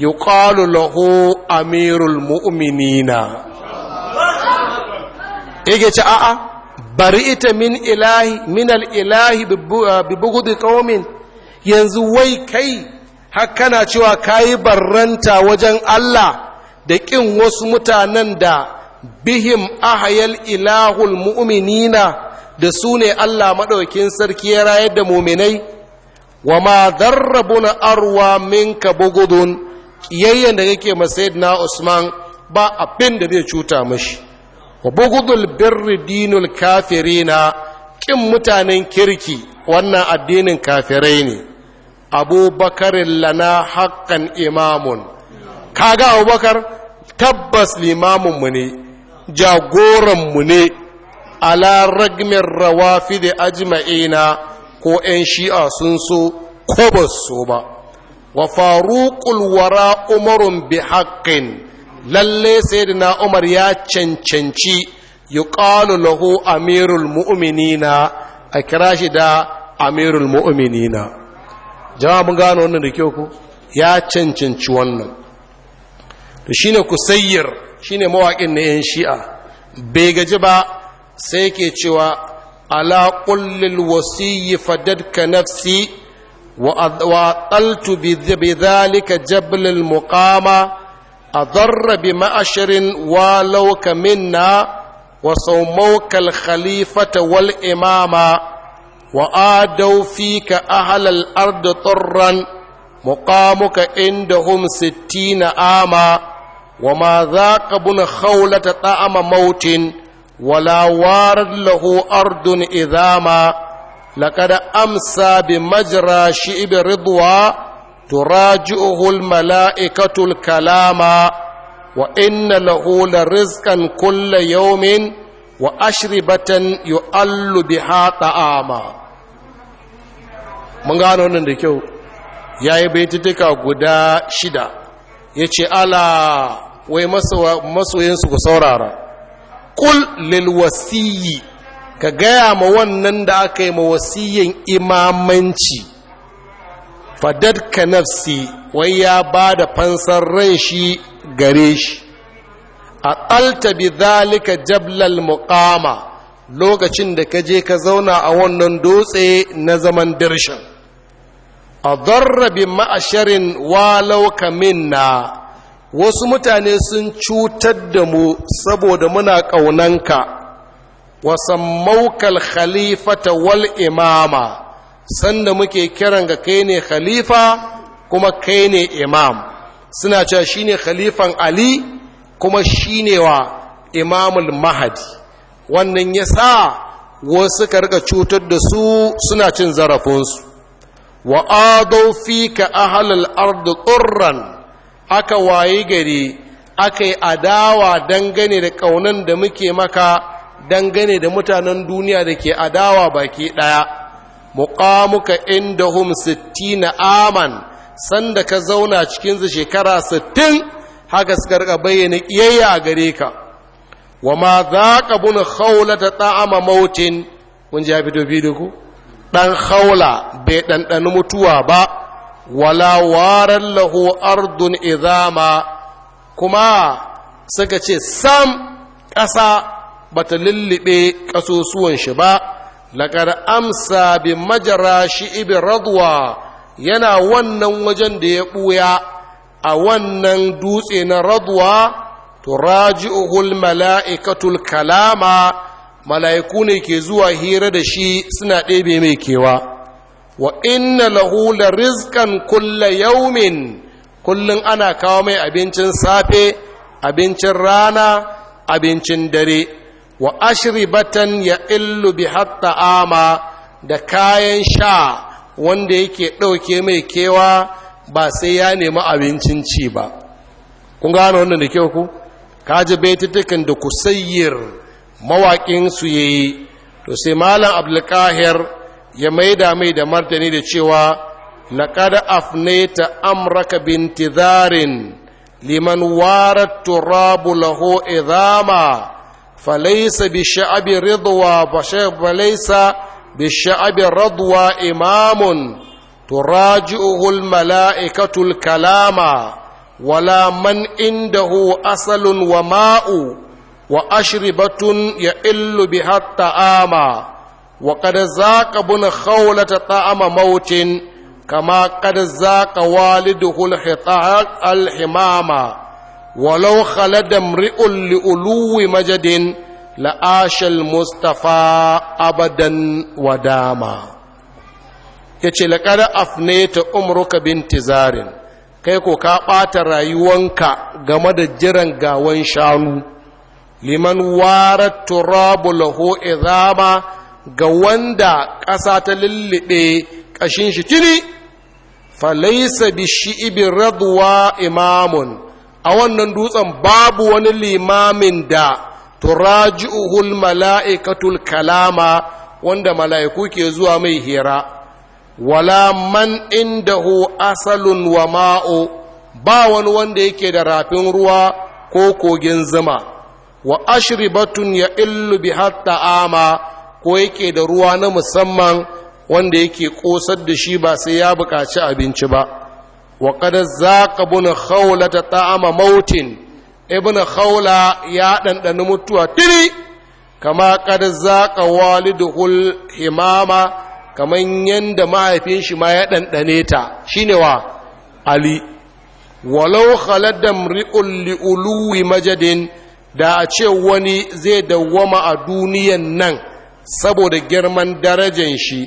yuqalu lahu amirul mu'minina yake ce a'a bari ita min ilahi min al-ilahi yanzu wai kai hakkana cewa kayi barranta wajen Allah da ƙin wasu mutanen da bihim ahayal ilahul mu'minina da su ne Allah maɗaukin sarki ya rayar da muminai wa ma darrabuna arwa minka bugudun yayyan da yake na Usman ba abin da zai cuta mashi wa bugudul birri dinul kafirina ƙin mutanen kirki wannan addinin kafirai ne abubakarin lana haƙƙan imamun kaga abubakar tabbas limaminmu ne jagoranmu ne ala ragmin rawafi da ajma'ina ko 'yan shi'a sun so ko ba so ba wa faruƙul wara umarun bi haƙƙin lalle sai da na umar ya cancanci yi lahu amirul mu'minina a kira shi da amirul mu'minina jama'a mun gano wannan da kyau ku ya cancanci wannan to shine shi shine mawaƙin na yan shi'a bai gaji ba sai ke cewa ala kullil wasiyyi fadadka nafsi wa ataltu bi dhalika jabl al muqama minna, wa ولوك منا khalifata wal imama وآدوا فيك أهل الأرض طرا مقامك عندهم ستين عاما وما ذاق بن خولة طعم موت ولا وارد له أرض إذاما لقد أمسى بمجرى شئب رضوى تراجعه الملائكة الكلاما وإن له لرزقا كل يوم wa ashribatan yu'allu biha ta'ama mun gano nan da kyau yayi baitutuka guda shida yace ala wai masoyinsu ku saurara kul lil wasiyi ka gaya ma wannan da aka yi ma wasiyin imamanci ka nafsi wai ya ba da fansar ran shi gare shi aqalta bi jablal muqama lokacin da ka je ka zauna a wannan dutse na zaman dirshan A bi ma'asharin walau minna wasu mutane sun cutar da mu saboda muna ƙaunanka wasammaukal khalifata wal imama sanda muke kiran ga kai ne khalifa kuma kai ne imam suna cewa shine khalifan ali kuma shine wa imamul mahadi wannan ya sa wasu ka riƙa cutar da su suna cin zarafinsu wa adau fi ka ahalar ardu ƙurran aka wayi gari aka yi adawa dangane da ƙaunan da muke maka dangane da mutanen duniya da ke adawa baki ɗaya muƙamuka inda hum sittina aman sanda ka zauna cikinsu shekara sittin haka suka rika bayyana kiyayya a gare ka wa ma za ka buna haula ta ta'ama mautin kun ji ya fito da ku dan haula bai ɗanɗani mutuwa ba wala waran lahu ardun izama kuma suka ce sam ƙasa bata lullube ƙasusuwan shi ba laƙar amsa bi majara ibi radwa yana wannan wajen da ya ɓuya a wannan dutse na radwa turaji'uhul mala'ikatul kalama mala'iku ne ke zuwa hira da shi suna ɗebe mai kewa wa inna lahu la rizqan kulla yaumin kullun ana kawo mai abincin safe abincin rana abincin dare wa ashribatan ya illu bi hatta ama da kayan sha wanda yake ɗauke mai kewa ba sai ya nemi abincin ci ba kun gano wannan da ke ku ji baitutukan da ku sayyar mawaƙin su ya yi to sai malam abdulkahir ya maida mai da martani da cewa na kada afneta amraka bintizarin liman wara turabu laho izama falaisa bi sha'abi ridwa ba sha'abi ridwa imamun تراجعه الملائكة الكلام ولا من عنده أصل وماء وأشربة يئل بها الطعام وقد ذاق ابن خولة طعم موت كما قد ذاق والده الحطاء الحمام ولو خلد امرئ لألو مجد لآش المصطفى أبدا وداما ya ce laƙada afneta umruka binti zarin kai ko ka ɓata rayuwanka game da jiran gawan shanu liman warar turabu laho izama ga wanda ƙasa ta lullube ƙashin shi tuni falaisa bi raduwa imamun a wannan dutsen babu wani limamin da turaji'uhul mala'ikatul kalama wanda mala'iku ke zuwa mai hira wala man indahu asalun wa ma'o ba wani wanda yake da rafin ruwa ko kogin zuma wa ashribatun ya illu bi hatta ama ko yake da ruwa na musamman wanda yake kosar da shi ba sai ya buƙaci abinci ba wa qad zaqa bun khawla ta ta'ama mautin ibn khawla ya ɗanɗani mutuwa tiri kama qad zaqa waliduhul himama kamar yadda mahaifin shi ma ya ɗanɗane ta shine wa ali walau khaladda ri'ul li'uluwi majadin da a ce wani zai dawwama a duniyan nan saboda girman darajan shi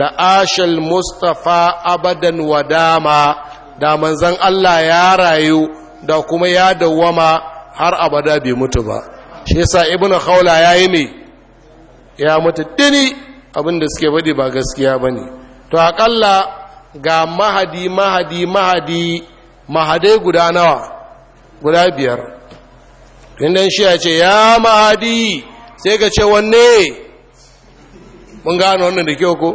la'ashal mustafa abadan wadama da manzan Allah ya rayu da kuma ya dawwama har abada bai mutu ba shi yasa ibnu khawla yayi mai. ya mutu dini Abinda suke baɗi ba gaskiya ba ne to akalla ga mahadi mahadi mahadi mahadai guda nawa guda biyar inda shi ya ce ya mahadi sai ka ce wanne mun gano wannan da kyau ko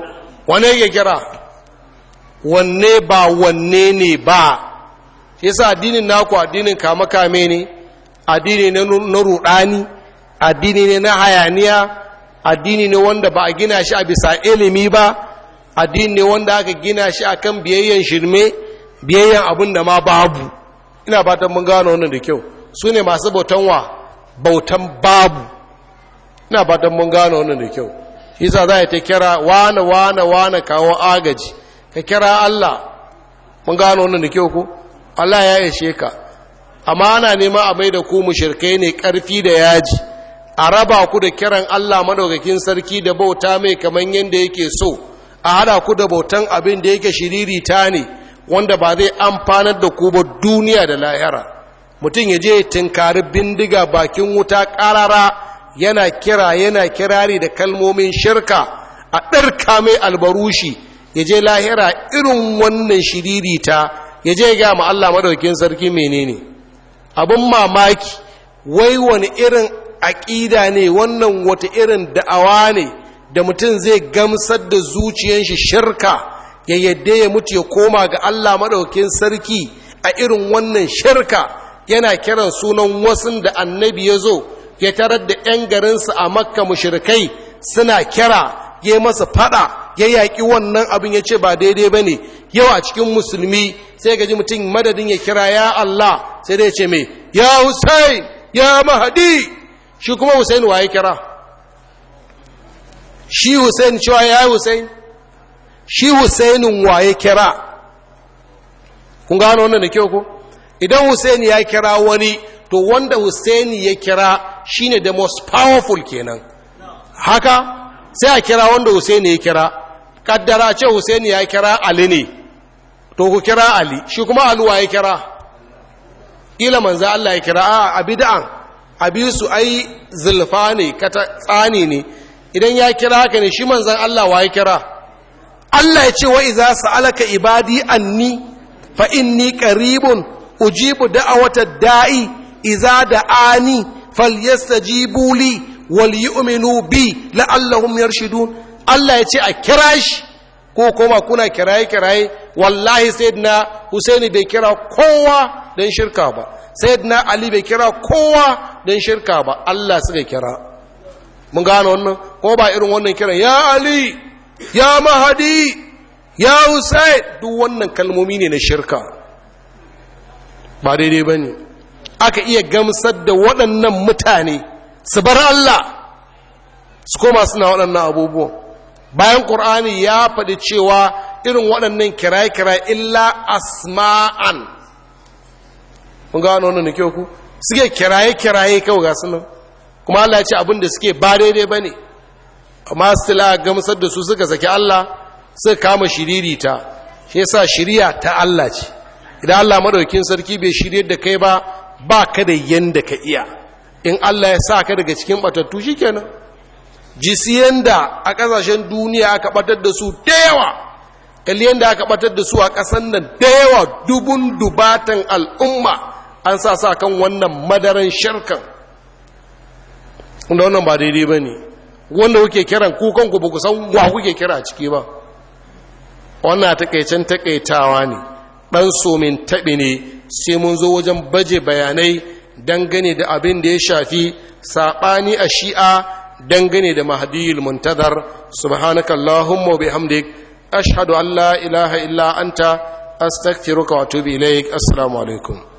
wanne ke kira wanne ba wanne ne ba shi sa addinin naku addinin kama kame ne addini na rudani addini ne na hayaniya addini ne wanda ba a gina shi a bisa ilimi ba addini ne wanda aka gina shi a kan biyayyen shirme biyayyen abin da ma babu ina ta mun gano wannan da kyau su ne masu bautan wa bautan babu ina ta mun gano wannan da kyau shi za a ta kira wane wane wane kawo agaji ka kira Allah mun gano wannan da kyau ko Allah ya ishe ka amma ana nema a mai da ku mushrikai ne karfi da yaji a raba ku da kiran Allah madaukakin sarki da bauta mai kamar yadda yake so a hada ku da bautan abin da yake shiriri ta ne wanda ba zai amfanar da ku ba duniya da lahira mutum ya je tinkari bindiga bakin wuta karara yana kira yana kirari da kalmomin shirka a ɗarka mai albarushi ya je lahira irin wannan shiriri ta ya je ga ma Allah madaukakin sarki menene abin mamaki wai wani irin aƙida ne wannan wata irin da'awa ne da mutum zai gamsar da zuciyan shi shirka ya yadda ya mutu ya koma ga Allah maɗaukin sarki a irin wannan shirka yana kiran sunan wasun da annabi ya zo ya tarar da 'yan garinsa a makka mushrikai suna kira ya masa faɗa, ya yaƙi wannan abin ya ce ba daidai ba ne yau a cikin musulmi sai gaji mutum madadin ya kira ya Allah sai dai ce mai ya Hussein ya Mahadi shi kuma Hussein waye kira shi Hussein cewa ya yi Hussein shi Hussein waye kira kun gano wannan da kyau ko idan Hussein ya kira wani to wanda Hussein ya kira shine the most powerful kenan haka sai a kira wanda Hussein ya kira kaddara ce Hussein ya kira Ali ne to ku kira Ali shi kuma Ali waye kira ila manzo Allah ya kira a bid'an abin su ai zulfa ne kata tsani ne idan ya kira haka ne shi manzan Allah wa ya kira Allah ya ce wa iza sa'alaka ibadi anni fa inni qaribun ujibu da'awata da'i iza da'ani falyastajibu li wal yu'minu bi la'allahum yarshidun Allah ya ce a kira shi ko kuma kuna kiraye kiraye wallahi sayyidina Husaini bai kira kowa dan shirka ba sayyidina ali bai kira kowa don shirka ba Allah suka kira mun gane wannan ko ba irin wannan kiran ya ali ya mahadi ya husayn duk wannan kalmomi ne na shirka ba daidai ba ne. aka iya gamsar da waɗannan mutane su bar Allah su koma suna waɗannan abubuwan bayan ƙur'ani ya faɗi cewa irin waɗannan kirai-kirai illa asma'an kun gano wannan da kyau ku suke kiraye kiraye kawo ga sunan kuma Allah ya ce abin da suke ba daidai ba ne amma stila gamsar da su suka saki Allah suka kama shiriri ta shi yasa shiriya ta Allah ce idan Allah madaukin sarki bai shirya da kai ba ba ka da yanda ka iya in Allah ya sa ka daga cikin batattu shikenan jisiyan da a kasashen duniya aka batar da su da yawa kalli yanda aka batar da su a kasan nan da yawa dubun dubatan al'umma an sa sa kan wannan madaran shirkan wanda wannan ba daidai ba ne wanda kuke kiran kukan ku ba ku san wa kuke kira a ciki ba wannan takaicen takaitawa ne ɗan somin taɓi ne sai mun zo wajen baje bayanai dangane da abin da ya shafi saɓani a shi'a dangane da mahadiyul muntazar subhanakallahumma bihamdik ashhadu an la ilaha illa anta astaghfiruka wa atubu ilaik assalamu alaikum